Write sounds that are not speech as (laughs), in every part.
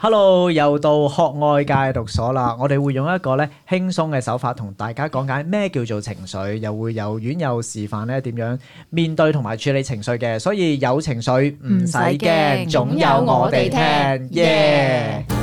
Hello，又到學愛戒毒所啦，我哋會用一個咧輕鬆嘅手法同大家講解咩叫做情緒，又會有遠有示範咧點樣面對同埋處理情緒嘅，所以有情緒唔使驚，總有我哋聽，耶！Yeah! yeah!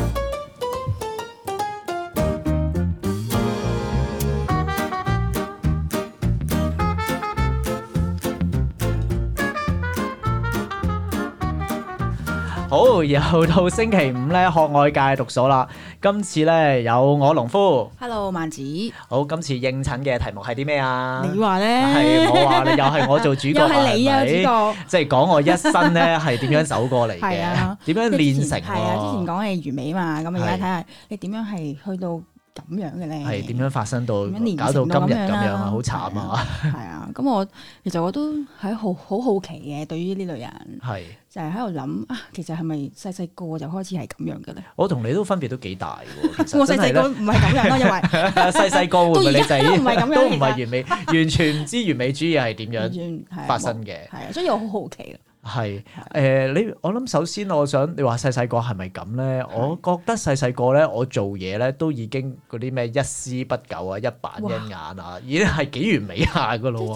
又到星期五咧，學外界讀數啦！今次咧有我農夫，Hello 萬子，好，今次應診嘅題目係啲咩啊？你話咧，係我話你又係我做主角， (laughs) 又係你啊是是主角，即係講我一生咧係點樣走過嚟嘅，點、 (laughs) 啊、樣練成。係啊，之前講嘅完美嘛，咁而家睇下你點樣係去到。咁樣嘅咧，係點樣發生到，搞到今日咁樣啊？好的慘啊！係啊的，咁 (laughs) 我其實我都喺好好好奇嘅，對於呢類人，係的就係喺度諗啊，其實係咪細細個就開始係咁樣嘅咧？我同你都分別都幾大喎。 (laughs) 我細細個唔係咁樣咯、啊，因為細細個會唔會你第、啊、 (laughs) 都唔係完美，完全唔知完美主義係點樣發生嘅？係啊， (laughs) 所以我好好奇啊。係，誒你、呃、我諗首先我想，你話細細個係咪咁咧？是我覺得細細個咧，我做嘢咧都已經嗰啲咩一絲不苟啊，一板一眼啊，哇已經係幾完美下噶咯喎！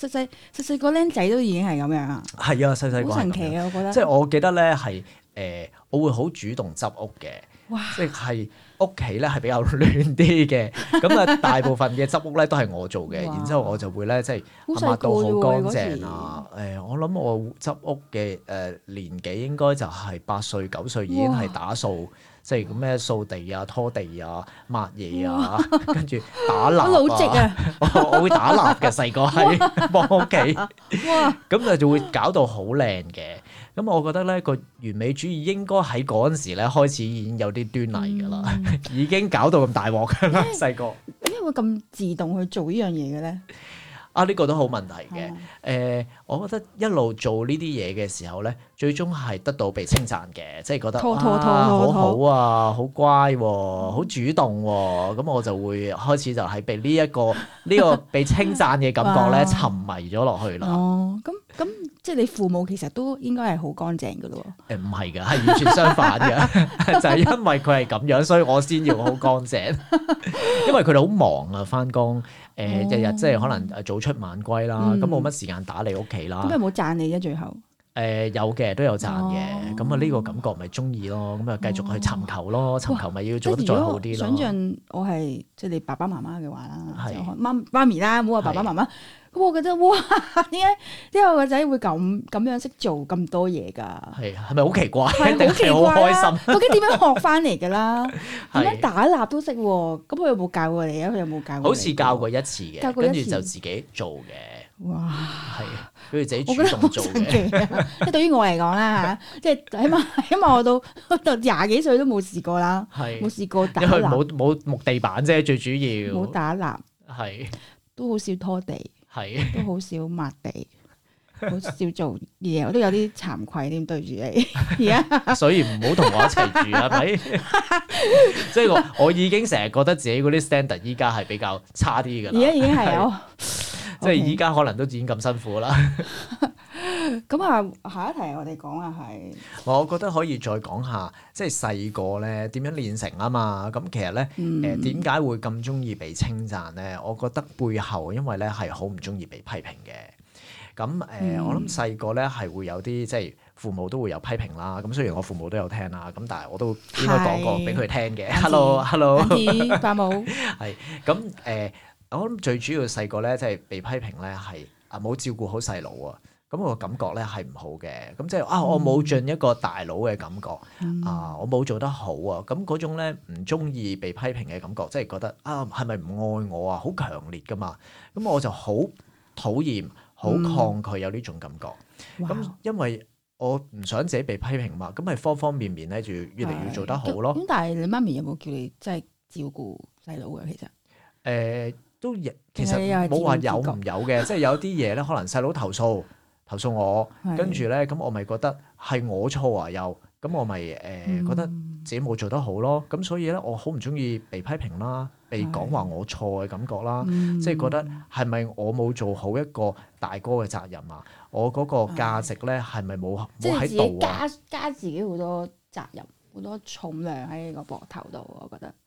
細細細細個僆仔都已經係咁樣啊！係啊，細細個好神奇啊！我覺得即係我記得咧係誒，我會好主動執屋嘅，哇即係。屋企咧係比較亂啲嘅，咁啊 (laughs) 大部分嘅執屋咧都係我做嘅， (laughs) 然之後我就會咧即係抹到好乾淨啊！誒，我諗我執屋嘅誒年紀應該就係八歲九歲已經係打掃， (laughs) 即係咩掃地啊、拖地啊、抹嘢啊，跟住打蠟啊。老直啊！我會打蠟嘅，細個喺屋企，哇！咁啊就會搞到好靚嘅。咁我覺得咧個完美主義應該喺嗰陣時咧開始已經有啲端倪㗎啦，嗯、已經搞到咁大鑊㗎啦，細個點解會咁自動去做呢樣嘢嘅咧？啊，呢、呢個都好問題嘅。誒、哦欸，我覺得一路做呢啲嘢嘅時候咧，最終係得到被稱讚嘅，即係覺得、啊、好好啊，好乖、啊，好主動、啊。咁、嗯、我就會開始就係被呢、呢、一個呢、呢個被稱讚嘅感覺咧，沉迷咗落去啦。哦，咁、哦、咁。哦哦哦即係你父母其實都應該係好乾淨嘅咯、嗯，誒唔係㗎，係完全相反嘅， (laughs) (laughs) 就係因為佢係咁樣，所以我先要好乾淨， (laughs) 因為佢哋好忙啊，返工，誒日日即係可能早出晚歸啦，咁冇乜時間打理屋企啦，咁又冇讚你啫最後。誒，有嘅都有讚嘅，咁啊呢個感覺咪中意咯，咁啊繼續去尋求咯，尋求咪要做得再好啲咯。想象我係即係你爸爸媽媽嘅話啦，媽媽咪啦，唔好話爸爸媽媽。咁我覺得哇，點解之後個仔會咁咁樣識做咁多嘢噶？係係咪好奇怪？好奇怪啊！開心，究竟點樣學翻嚟噶啦？點樣打蠟都識喎？咁佢有冇教過你啊？佢有冇教過你？好似教過一次嘅，跟住就自己做嘅。哇！係，佢哋自己主動做嘅。即對於我嚟講啦，吓，即係起碼，起碼我到到廿幾歲都冇試過啦，冇試過打蠟冇冇木地板啫，最主要冇打蠟，係都好少拖地，係都好少抹地，好少做嘢，我都有啲慚愧，點對住你而家。所以唔好同我一齊住啊，係咪？即係我我已經成日覺得自己嗰啲 standard 依家係比較差啲噶。而家已經係我。即係依家可能都已經咁辛苦啦。咁啊，下一題我哋講啊係。我覺得可以再講下，即係細個咧點樣練成啊嘛。咁其實咧，誒點解會咁中意被稱讚咧？我覺得背後因為咧係好唔中意被批評嘅。咁誒，呃嗯、我諗細個咧係會有啲即係父母都會有批評啦。咁雖然我父母都有聽啦，咁但係我都應該講過俾佢聽嘅。Hello，Hello，是伯 hello, 母。係咁誒。我諗最主要細個咧，即係被批評咧，係啊冇照顧好細佬啊，咁我感覺咧係唔好嘅。咁即係啊，我冇盡一個大佬嘅感覺啊，我冇做得好啊。咁嗰種咧唔中意被批評嘅感覺，即係覺得啊，係咪唔愛我啊？好強烈噶嘛。咁我就好討厭、好抗拒有呢種感覺。咁因為我唔想自己被批評嘛，咁咪方方面面咧，就越嚟越做得好咯。咁但係你媽咪有冇叫你即係照顧細佬嘅？其實誒。都其實冇話有唔有嘅， (laughs) 即係有啲嘢咧，可能細佬投訴，投訴我，跟住咧，咁我咪覺得係我錯啊，又，咁我咪誒、呃嗯、覺得自己冇做得好咯。咁所以咧，我好唔鍾意被批評啦，被講話我錯嘅感覺啦，是的 嗯、即係覺得係咪我冇做好一個大哥嘅責任啊？我嗰個價值咧係咪冇冇喺度？加加自己好多責任。好多重量喺個膊頭度，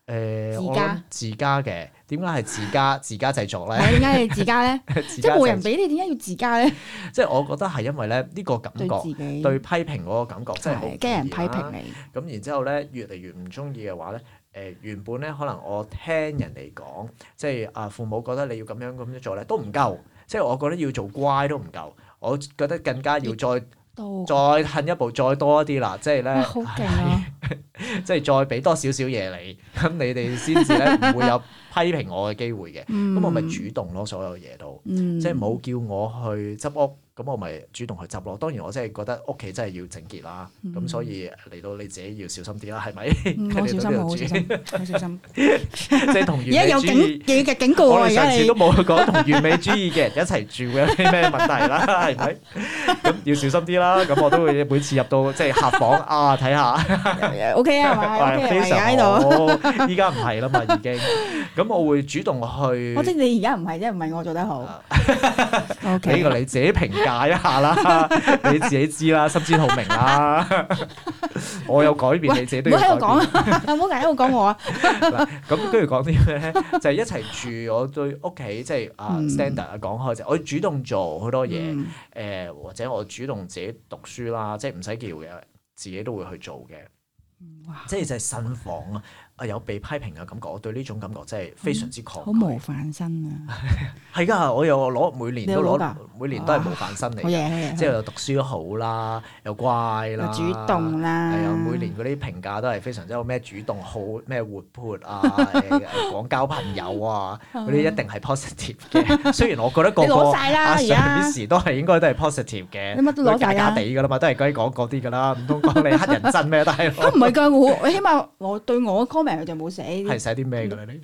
呃、家我覺得。誒，自家自家嘅點解係自家自家製作咧？點解係自家咧？即係冇人俾你，點解要自家咧？即係 (laughs) 我覺得係因為咧呢個感覺，對，對批評嗰個感覺真係好驚人批評你。咁然之後咧，越嚟越唔中意嘅話咧，誒、呃、原本咧可能我聽人哋講，即係啊父母覺得你要咁樣咁樣做咧都唔夠，即、就、係、是、我覺得要做乖都唔夠，我覺得更加要再。再進一步，再多一啲啦，即係咧，欸啊、 (laughs) 即係再俾多少少嘢你，咁你哋先至咧唔會有批評我嘅機會嘅，咁 (laughs) 我咪主動咯，所有嘢都，嗯、即係冇叫我去執屋。咁我咪主動去執囉。當然我真係覺得屋企真係要整潔啦。咁所以嚟到你自己要小心啲啦，係咪？我小心，我小心，我小心。即係同完美主義嘅警告啊！我上次都冇講同完美主義嘅人一齊住會有啲咩問題啦，係咪？咁要小心啲啦。咁我都會每次入到即係客房啊，睇下。O K 啊，喺維也納度。依家唔係啦嘛，已經。咁我會主動去。我知你而家唔係啫，唔係我做得好。O K。呢個你自己評。解一下啦，你自己知啦，心知肚明啦。我有改變。喂你自己都要改。唔好喺度講啦，唔好隔喺度講我啊。咁 (laughs) 跟 (laughs) (laughs) 住講啲咩咧？就係一齊住，我對屋企即係啊 standard 講開就是，我主動做好多嘢，誒、嗯、或者我主動自己讀書啦，即係唔使叫嘅，自己都會去做嘅。即係哇 (laughs) 就係新房啊！有被批評嘅感覺，我對呢種感覺真係非常之抗拒。好模範生啊！係㗎，我又攞每年都攞，每年都係模範生嚟嘅，即係又讀書好啦，又乖啦，主動啦，係啊，每年嗰啲評價都係非常之咩主動好咩活潑啊，廣交朋友啊，嗰啲一定係 positive 嘅。雖然我覺得個個阿 Sir Miss 都係應該都係 positive 嘅，你乜都攞曬啦，假假哋㗎啦嘛，都係講嗰啲㗎啦，唔通講你乞人憎咩？都係。都唔係㗎，我起碼我對我明佢就冇寫啲，係寫啲咩噶你，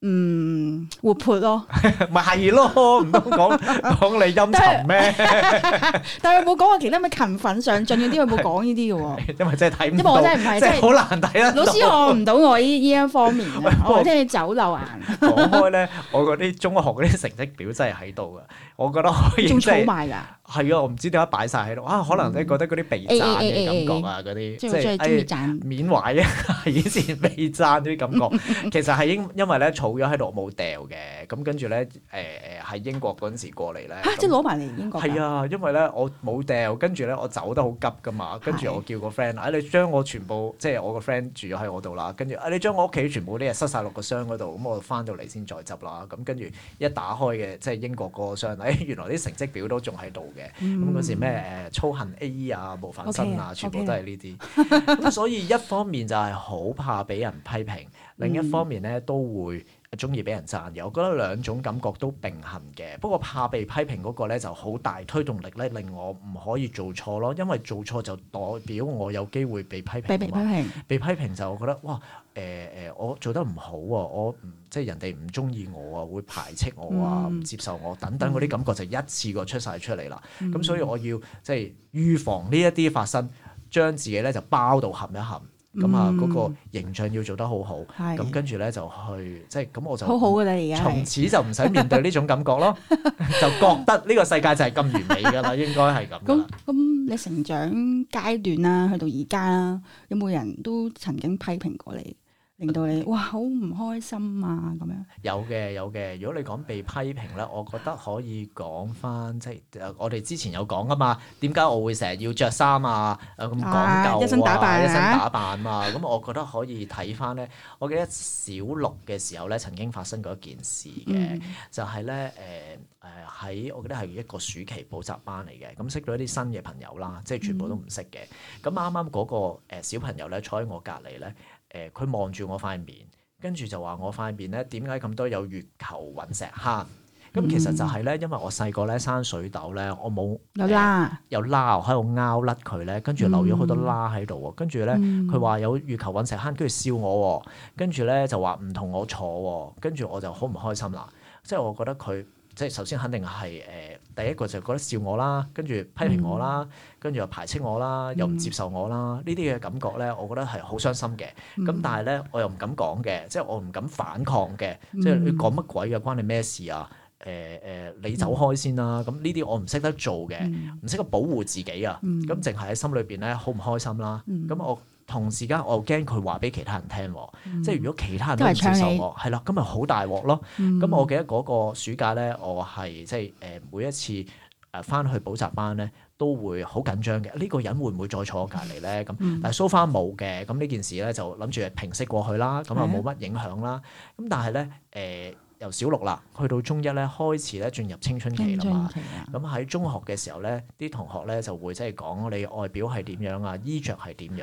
嗯，活潑咯，咪係咯，唔通講講你陰沉咩？但係有冇講過其他咩勤奮上進嗰啲，有冇講呢啲噶？因為真係睇唔，因為我真係唔係，真係好難睇啊！老師，我唔到我呢依一方面，我聽你走漏眼。講開咧，我嗰啲中學嗰啲成績表真係喺度噶，我覺得可以即係。噶。係啊，我唔知點解擺晒喺度啊！可能咧覺得嗰啲被讚嘅感覺啊，嗰啲即係誒，哎、緬懷啊，以前被讚啲感覺。 (laughs) 其實係因因為咧儲咗喺度，我冇掉嘅。咁跟住咧誒誒喺英國嗰陣時過嚟咧、啊、那即係攞埋嚟英國。係啊，因為咧我冇掉，跟住咧我走得好急㗎嘛。跟住我叫個 friend，啊你將我全部即係我個 friend 住咗喺我度啦。跟住啊你將我屋企全部啲嘢塞晒落個箱嗰度。咁我返到嚟先再執啦。咁跟住一打開嘅即係英國嗰個箱，哎原來啲成績表都仲喺度。嘅，咁嗰時咩誒操行 A.E. 啊模範生啊，啊 okay，全部都係呢啲咁。okay. (laughs) 所以一方面就係好怕俾人批評，另一方面咧、嗯、都會。中意俾人讚嘅，我覺得兩種感覺都並行嘅。不過怕被批評嗰個咧，就好大推動力咧，令我唔可以做錯咯。因為做錯就代表我有機會被批評。被、被批評，被批評就我覺得，哇！誒、呃、誒、呃，我做得唔好喎，我即係人哋唔中意我啊，會排斥我啊，唔、嗯、接受我等等嗰啲感覺就一次過出晒出嚟啦。咁、嗯、所以我要即係預防呢一啲發生，將自己咧就包到冚一冚。咁啊，嗰、嗯、個形象要做得好好，咁是跟住咧就去，即係咁我就好好㗎啦。而家從此就唔使面對呢種感覺咯， (laughs) 就覺得呢個世界就係咁完美㗎啦。 (laughs) 應該係咁啦。咁咁，你成長階段啦，去到而家啦，有冇人都曾經批評過你？令到你哇，好唔開心啊！咁樣有嘅，有嘅。如果你講被批評咧，我覺得可以講翻，即係我哋之前有講啊嘛。點解我會成日要着衫啊？誒咁講究、啊啊、一身打扮一身打扮啊。咁、啊、 (laughs) 我覺得可以睇翻咧。我記得小六嘅時候咧，曾經發生過一件事嘅，嗯、就係咧誒誒喺我記得係一個暑期補習班嚟嘅。咁識到一啲新嘅朋友啦，即係全部都唔識嘅。咁啱啱嗰個誒小朋友咧坐喺我隔離咧。誒佢望住我塊面，跟住就話我塊面咧點解咁多有月球隕石坑？咁、嗯、其實就係咧，因為我細個咧生水痘咧，我冇有拉、呃、有拉喺度拗甩佢咧，跟住留咗好多拉喺度喎。跟住咧，佢話有月球隕石坑，跟住笑我喎。跟住咧就話唔同我坐，跟住我就好唔開心啦。即係我覺得佢即係首先肯定係誒。呃第一個就覺得笑我啦，跟住批評我啦，跟住、嗯、又排斥我啦，又唔接受我啦，呢啲嘅感覺咧，我覺得係好傷心嘅。咁、嗯、但係咧，我又唔敢講嘅，即係我唔敢反抗嘅，嗯、即係你講乜鬼嘅關你咩事啊？誒、呃、誒、呃，你走開先啦。咁呢啲我唔識得做嘅，唔識、嗯、得保護自己啊。咁淨係喺心裏邊咧，好唔開心啦。咁我、嗯。嗯嗯同時間我又驚佢話俾其他人聽，嗯、即係如果其他人都唔接受，我，係啦，咁咪好大鑊咯。咁、嗯、我記得嗰個暑假咧，我係即係誒每一次誒翻去補習班咧，都會好緊張嘅。呢、呢個人會唔會再坐我隔離咧？咁、嗯、但係蘇芬冇嘅，咁呢件事咧就諗住平息過去啦，咁啊冇乜影響啦。咁、嗯、但係咧誒。呃由小六啦，去到中一咧，開始咧進入青春期啦嘛。咁喺中學嘅時候咧，啲同學咧就會即係講你外表係點樣啊，衣著係點樣。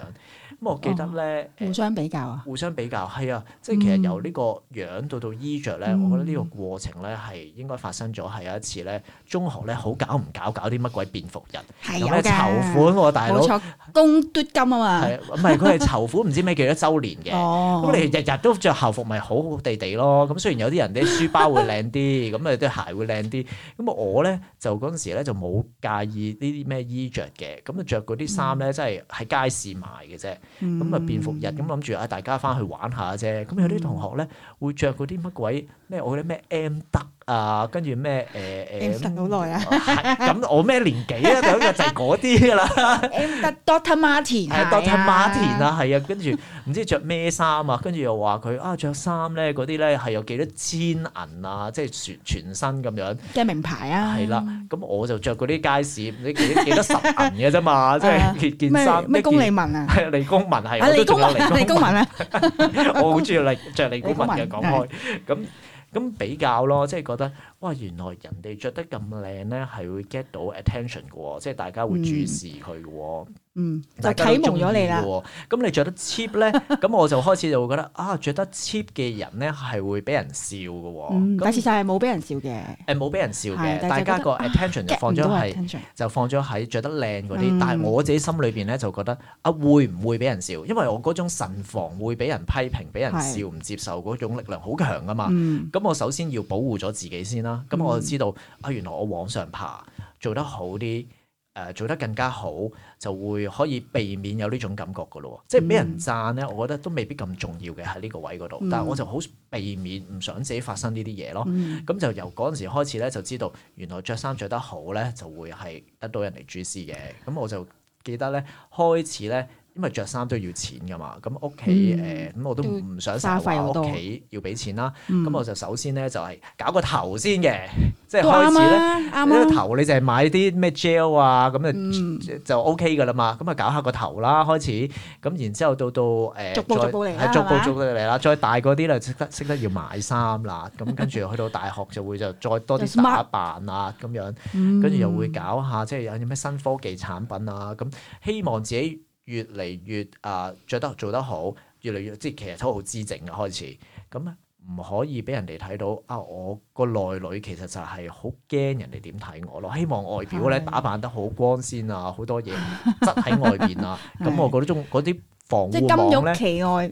咁我記得咧，互相比較啊，互相比較係啊，即係其實由呢個樣到到衣著咧，我覺得呢個過程咧係應該發生咗。係有一次咧，中學咧好搞唔搞搞啲乜鬼便服日，咁咧籌款喎，大佬公益金啊嘛，係啊，唔係佢係籌款唔知咩幾多週年嘅？咁你日日都著校服，咪好好地地咯。咁雖然有啲人咧。 (laughs) 書包會靚啲，咁啊啲鞋會靚啲，咁啊我咧就嗰陣時咧就冇介意呢啲咩衣着嘅，咁啊着嗰啲衫咧真係喺街市買嘅啫，咁啊便服日咁諗住啊大家翻去玩下啫，咁有啲同學咧會着嗰啲乜鬼咩我啲咩 M 得。啊，跟住咩？好耐誒，咁、欸 (laughs) 啊、我咩年紀、就係、 (laughs) 啊？就就嗰啲啦。M 得 Doctor Martin Doctor Martin 啊，係啊。跟住唔知着咩衫啊？跟住又話佢啊，著衫咧嗰啲咧係有幾多千銀啊？即係全全身咁樣。即係名牌啊。係啦、啊，咁我就着嗰啲街市，你幾幾多，多十銀嘅啫嘛？即係件件衫。咩李公文啊？係李公文係。啊，李公文，啊李，公文啊、李公文啊！ (laughs) (laughs) 我好中意李著李公文嘅，講開咁。是咁比較咯，即係覺得。哇！原來人哋著得咁靚咧，係會 get 到 attention 嘅喎，即係大家會注視佢嘅喎。嗯，就啟蒙咗你啦。咁你著得 cheap 咧，咁我就開始就會覺得啊，著得 cheap 嘅人咧係會俾人笑嘅。嗯，但事實係冇俾人笑嘅，誒冇俾人笑嘅。大家個 attention 就放咗喺，就放咗喺著得靚嗰啲。但係我自己心裏邊咧就覺得啊，會唔會俾人笑？因為我嗰種慎防會俾人批評、俾人笑、唔接受嗰種力量好強啊嘛。咁我首先要保護咗自己先啦。咁、嗯、我就知道啊，原來我往上爬做得好啲，誒做得更加好，就會可以避免有呢種感覺噶咯，嗯、即係俾人讚咧，我覺得都未必咁重要嘅喺呢個位嗰度，但係我就好避免唔想自己發生呢啲嘢咯。咁、嗯、就由嗰陣時開始咧，就知道原來着衫着得好咧，就會係得到人哋注視嘅。咁我就記得咧，開始咧。因為着衫都要錢噶嘛，咁屋企誒，咁我都唔想晒，成日屋企要俾錢啦。咁我就首先咧就係搞個頭先嘅，即係開始咧呢個頭你就係買啲咩 gel 啊，咁啊就 OK 噶啦嘛。咁啊搞下個頭啦，開始咁然之後到到誒，逐步逐步嚟啦，逐步嚟啦。再大嗰啲咧識得識得要買衫啦。咁跟住去到大學就會就再多啲打扮啦，咁樣跟住又會搞下即係有啲咩新科技產品啊。咁希望自己。越嚟越啊，著得做得好，越嚟越即係其實都好姿整嘅開始。咁啊，唔可以俾人哋睇到啊！我個內裏其實就係好驚人哋點睇我咯。希望外表咧的打扮得好光鮮啊，好多嘢執喺外邊啊。咁 (laughs) 我嗰種嗰啲防護網即係金玉其外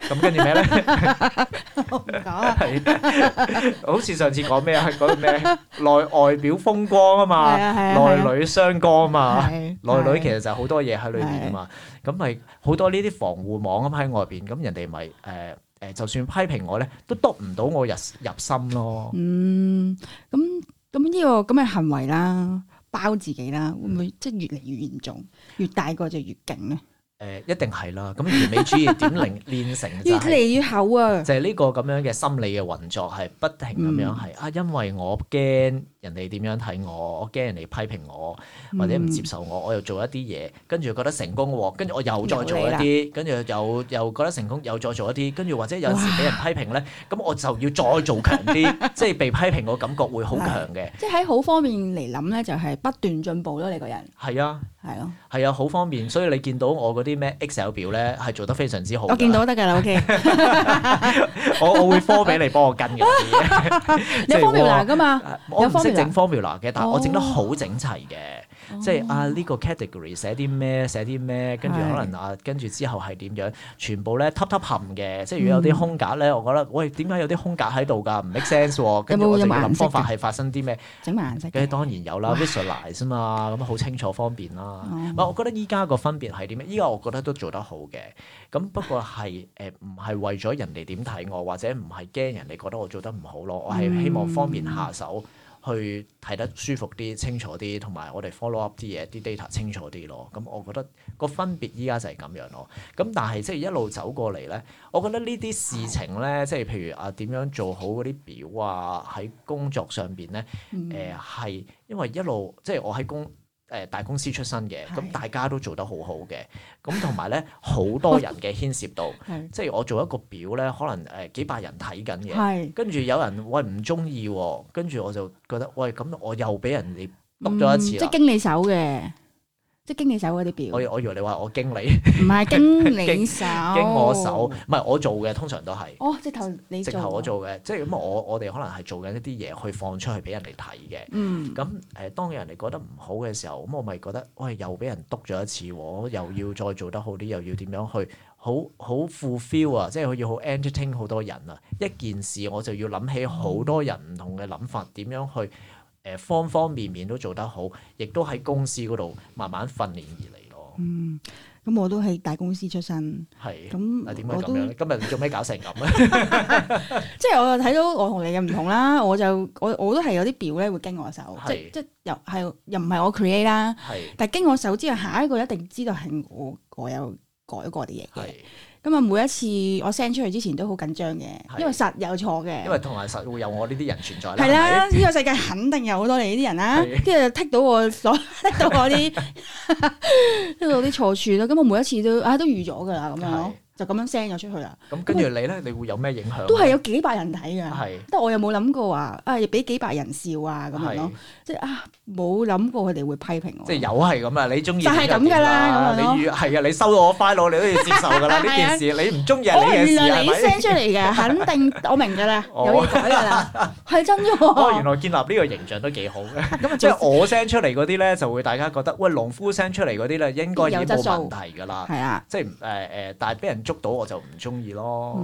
咁跟住咩咧？講係，好似上次講咩啊？講咩內外表風光啊嘛，內裏相干啊嘛，內裏其實就係好多嘢喺裏邊啊嘛。咁咪好多呢啲防護網啊，喺外邊咁人哋咪誒誒，就算批評我咧，都督唔到我入入心咯。嗯，咁咁呢個咁嘅行為啦，包自己啦，會唔會即係越嚟越嚴重，越大個就越勁咧？誒、嗯、一定係啦，咁完美主義點練練成就係、 (laughs) 越嚟越厚啊！就係呢個咁樣嘅心理嘅運作，係不停咁樣係、嗯、啊，因為我驚。人哋點樣睇我？我驚人哋批評我，或者唔接受我。我又做一啲嘢，跟住覺得成功喎。跟住我又再做一啲，跟住又又覺得成功，又再做一啲。跟住或者有時俾人批評咧，咁我就要再做強啲。即係被批評個感覺會好強嘅。即係喺好方面嚟諗咧，就係不斷進步咯。你個人係啊，係咯，係啊，好方面。所以你見到我嗰啲咩 Excel 表咧，係做得非常之好。我見到都得㗎啦，OK。我我會 copy 俾你幫我跟嘅，你方便㗎嘛，我方便。整 formula 嘅，但我整得好整齊嘅，哦、即係啊呢、呢個 category 寫啲咩，寫啲咩，跟住可能啊，跟住之後係點樣，全部咧 top top 冚嘅，即係如果有啲空格咧，我覺得喂點解有啲空格喺度㗎，唔 make sense，跟住我就諗方法係發生啲咩，整埋顏色，跟住當然有啦，visualize 啫嘛，咁好清楚方便啦。唔係我覺得依家個分別係點？依家我覺得都做得好嘅，咁不過係誒唔係為咗人哋點睇我，或者唔係驚人哋覺得我做得唔好咯，我係希望方便下手。嗯嗯嗯去睇得舒服啲、清楚啲，同埋我哋 follow up 啲嘢、啲 data 清楚啲咯。咁我覺得個分別依家就係咁樣咯。咁但係即係一路走過嚟咧，我覺得呢啲事情咧，即係譬如啊，點樣做好嗰啲表啊，喺工作上邊咧，誒、嗯呃，係因為一路即係我喺工。誒大公司出身嘅，咁大家都做得好好嘅，咁同埋咧好多人嘅牽涉到， (laughs) 是的 即係我做一個表咧，可能誒幾百人睇緊嘅，跟住是的 有人喂，唔中意，跟住我就覺得喂，咁，我又俾人哋篤咗一次、嗯、即係經你手嘅。即係經理手嗰啲表，我以為你話我經理，唔係經理手 (laughs) 經，經我手，唔係我做嘅，通常都係。哦，即係頭你做，直頭我做嘅，嗯、即係咁我我哋可能係做緊一啲嘢去放出去俾人哋睇嘅。咁誒、嗯，當人哋覺得唔好嘅時候，咁我咪覺得，喂、哎，又俾人督咗一次喎，又要再做得好啲，又要點樣去好好 fulfill 啊！fulfill，即係要好 entertain 好多人啊！一件事我就要諗起好多人唔同嘅諗法，點、嗯、樣去？誒，方方面面都做得好，亦都喺公司嗰度慢慢訓練而嚟咯。嗯，咁我都係大公司出身，係是。咁點解咁樣？今日做咩搞成咁咧？即係我睇到我同你嘅唔同啦，我就我我都係有啲表咧會經我手，是即即又係又唔係我 create 啦，係是。但經我手之後，下一個一定知道係我我有改過啲嘢。係。咁啊，每一次我 send 出去之前都好緊張嘅，是因為實有錯嘅。因為同埋實會有我呢啲人存在啦。係啦、啊，呢個世界肯定有好多你呢啲人啦、啊，跟住剔到我所剔 (laughs) (laughs) 到我啲剔 (laughs) 到啲錯處啦。咁 (laughs) 我每一次都啊都預咗㗎啦，咁樣。就咁樣 send 咗出去啦。咁跟住你咧，你會有咩影響？都係有幾百人睇嘅。係，但係我又冇諗過話，啊，要俾幾百人笑啊咁樣咯。即係啊，冇諗過佢哋會批評我。即係有係咁啊！你中意就係咁㗎啦。你預係啊！你收到我快樂，你都要接受㗎啦。呢件事你唔中意啊！你呢件事係咪？我原來你 send 出嚟嘅，肯定我明嘅啦。有嘢講㗎啦，係真喎。哦，原來建立呢個形象都幾好嘅。咁啊，即係我 send 出嚟嗰啲咧，就會大家覺得喂，農夫 send 出嚟嗰啲咧應該已經冇問題㗎啦。係啊。即係誒誒，但係俾人。捉到我就唔中意咯，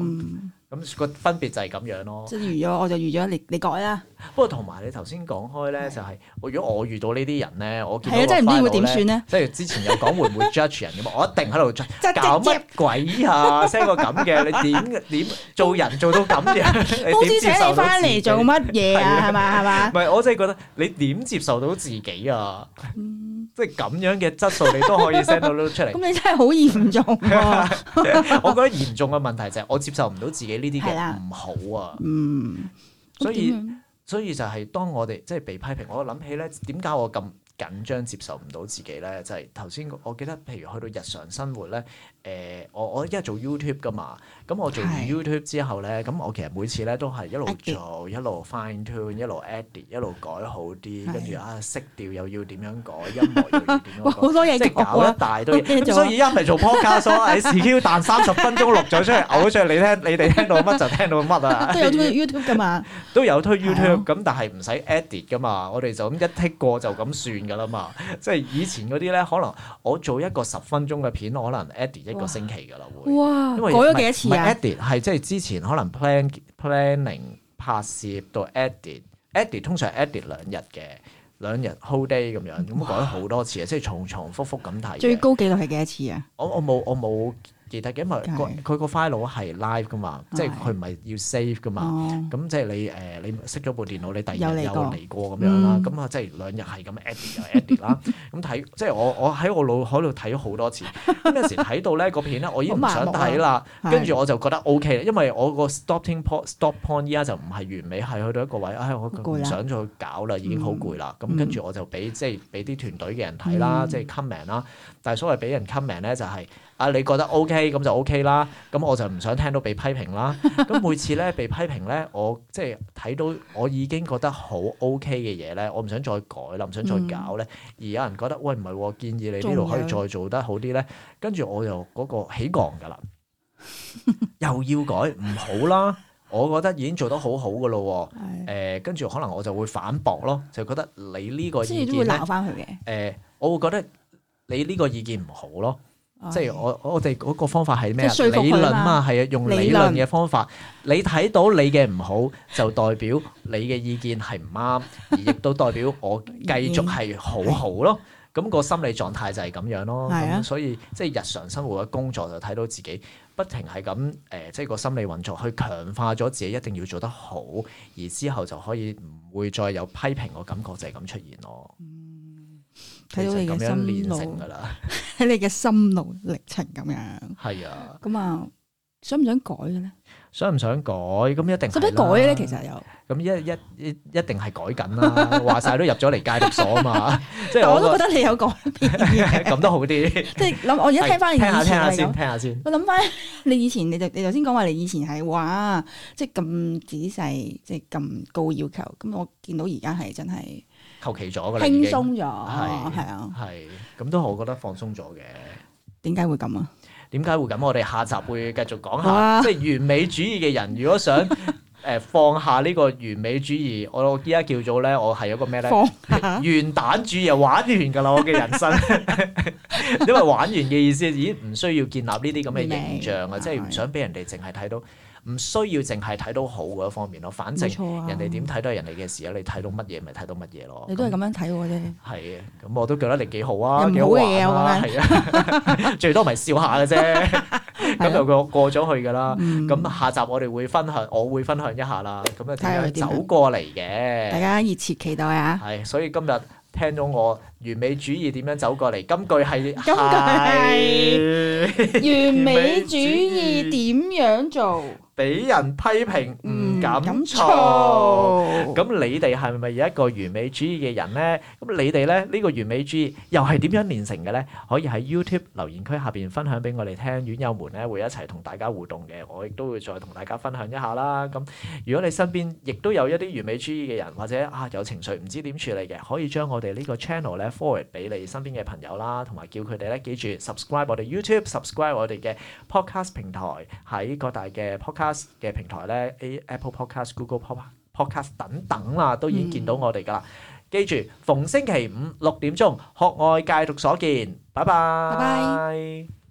咁個分別就係咁樣咯。即係預咗我就預咗，你你改啦。不過同埋你頭先講開咧，就係如果我遇到呢啲人咧，我見到係真係唔知會點算咧。即係之前有講會唔會 judge 人嘅嘛？我一定喺度 judge。即係搞乜鬼啊？成個咁嘅，你點點做人做到咁嘅？公司請你翻嚟做乜嘢啊？係嘛係嘛？唔係，我真係覺得你點接受到自己啊？即係咁樣嘅質素，你都可以 send 到出嚟。咁你真係好嚴重啊。 (laughs) (laughs) 我覺得嚴重嘅問題就係我接受唔到自己呢啲嘅唔好啊。嗯，所以所以就係當我哋即係被批評，我諗起咧點解我咁。緊張接受唔到自己咧，就係頭先我記得，譬如去到日常生活咧，誒，我我依家做 YouTube 噶嘛，咁我做完 YouTube 之後咧，咁我其實每次咧都係一路做，一路 fine tune，一路 edit，一路改好啲，跟住啊色調又要點樣改，音樂又要點樣改，好多嘢搞一大堆，咁所以一嚟做 podcast 喺 SQ 彈三十分鐘錄咗出嚟，嘔出嚟你聽，你哋聽到乜就聽到乜啊，都有推 YouTube 噶嘛，都有推 YouTube 咁，但係唔使 edit 噶嘛，我哋就咁一剔過就咁算。啦嘛，即係以前嗰啲咧，可能我做一個十分鐘嘅片，可能 edit 一個星期噶啦會，改咗幾多次？edit 係即係之前可能 plan planning 拍攝到 edit，edit 通常 edit 兩日嘅，兩日 whole day 咁樣，咁改咗好多次啊，哇即係重重複复咁睇。最高紀錄係幾多次啊？我我冇我冇。其他因為佢佢個 file 係 live 㗎嘛，即係佢唔係要 save 㗎嘛。咁即係你誒，你熄咗部電腦，你第二日又嚟過咁樣啦。咁啊，即係兩日係咁 edit 又 edit 啦。咁睇即係我我喺我腦海度睇咗好多次。嗰陣時睇到咧個片咧，我已經唔想睇啦。跟住我就覺得 OK，因為我個 stopping point stop point 依家就唔係完美，係去到一個位，唉，我唔想再搞啦，已經好攰啦。咁跟住我就俾即係俾啲團隊嘅人睇啦，即係 comment 啦。但係所謂俾人 comment 咧，就係。啊，你覺得 OK 咁就 OK 啦，咁我就唔想聽到被批評啦。咁 (laughs) 每次咧被批評咧，我即係睇到我已經覺得好 OK 嘅嘢咧，我唔想再改啦，唔想再搞咧。嗯、而有人覺得喂唔係喎，建議你呢度可以再做得好啲咧。跟住它我又嗰個起降噶啦， (laughs) 又要改唔好啦。我覺得已經做得好好噶咯。誒、 (laughs) 呃，跟住可能我就會反駁咯，就覺得你呢個意見誒、呃，我會覺得你呢個意見唔好咯。即係我我哋嗰個方法係咩啊？理論嘛，係啊，用理論嘅方法，論你睇到你嘅唔好，就代表你嘅意見係唔啱， (laughs) 而亦都代表我繼續係好好咯。咁 (laughs) 個心理狀態就係咁樣咯。係、啊、咁所以即係日常生活嘅工作就睇到自己不停係咁誒，即、呃、係、就是、個心理運作去強化咗自己一定要做得好，而之後就可以唔會再有批評個感覺就係咁出現咯。嗯睇到你嘅心路，喺 (laughs) 你嘅心路歷程咁樣。係啊，咁啊，想唔想改嘅咧？想唔想改？咁一定。使唔使改咧？其實有。咁一一一定係改緊啦。話晒 (laughs) 都入咗嚟戒毒所啊嘛。即係我都 (laughs) 覺得你有改變，咁都 (laughs) (laughs) 好啲。即係諗，我而家聽翻你以前係聽下先，聽下先。下下我諗翻你以前，你就你頭先講話，你以前係話即係咁仔細，即係咁高要求。咁我見到而家係真係。求其咗㗎，輕鬆咗，係啊是，係咁都係，我覺得放鬆咗嘅。點解會咁啊？點解會咁？我哋下集會繼續講下、啊，即完美主義嘅人，如果想誒放下呢個完美主義， (laughs) 我依家叫做咧，我係一個咩咧？完蛋主義玩完㗎啦！我嘅人生， (laughs) 因為玩完嘅意思，已經唔需要建立呢啲咁嘅形象啊，理即係唔想俾人哋淨係睇到。唔需要淨係睇到好嗰一方面咯，反正人哋點睇都係人哋嘅事啊！你睇到乜嘢咪睇到乜嘢咯。你都係咁樣睇我啫。係啊，咁我都覺得你幾好啊，有幾不好玩啊！係啊，最多咪笑下嘅啫，咁又 (laughs) 的 (laughs) 過過咗去㗎啦。咁、嗯、下集我哋會分享，我會分享一下啦。咁啊，點樣走過嚟嘅，大家熱切期待啊！係，所以今日聽咗我完美主義點樣走過嚟，今句係今句係完美主義點樣做？俾人批評唔敢錯，咁你哋係咪有一個完美主義嘅人咧？咁你哋咧呢個完美主義又係點樣練成嘅咧？可以喺 YouTube 留言區下邊分享俾我哋聽，院友們咧會一齊同大家互動嘅，我亦都會再同大家分享一下啦。咁如果你身邊亦都有一啲完美主義嘅人，或者啊有情緒唔知點處理嘅，可以將我哋呢個 channel 咧 forward 俾你身邊嘅朋友啦，同埋叫佢哋咧記住 subscribe 我哋 YouTube，subscribe 我哋嘅 podcast 平台喺各大嘅 podcast。嘅平台咧，Apple Podcast、Google Podcast 等等啦，都已經見到我哋噶啦。嗯、記住，逢星期五，六點鐘，學外繼續所見，拜拜。Bye bye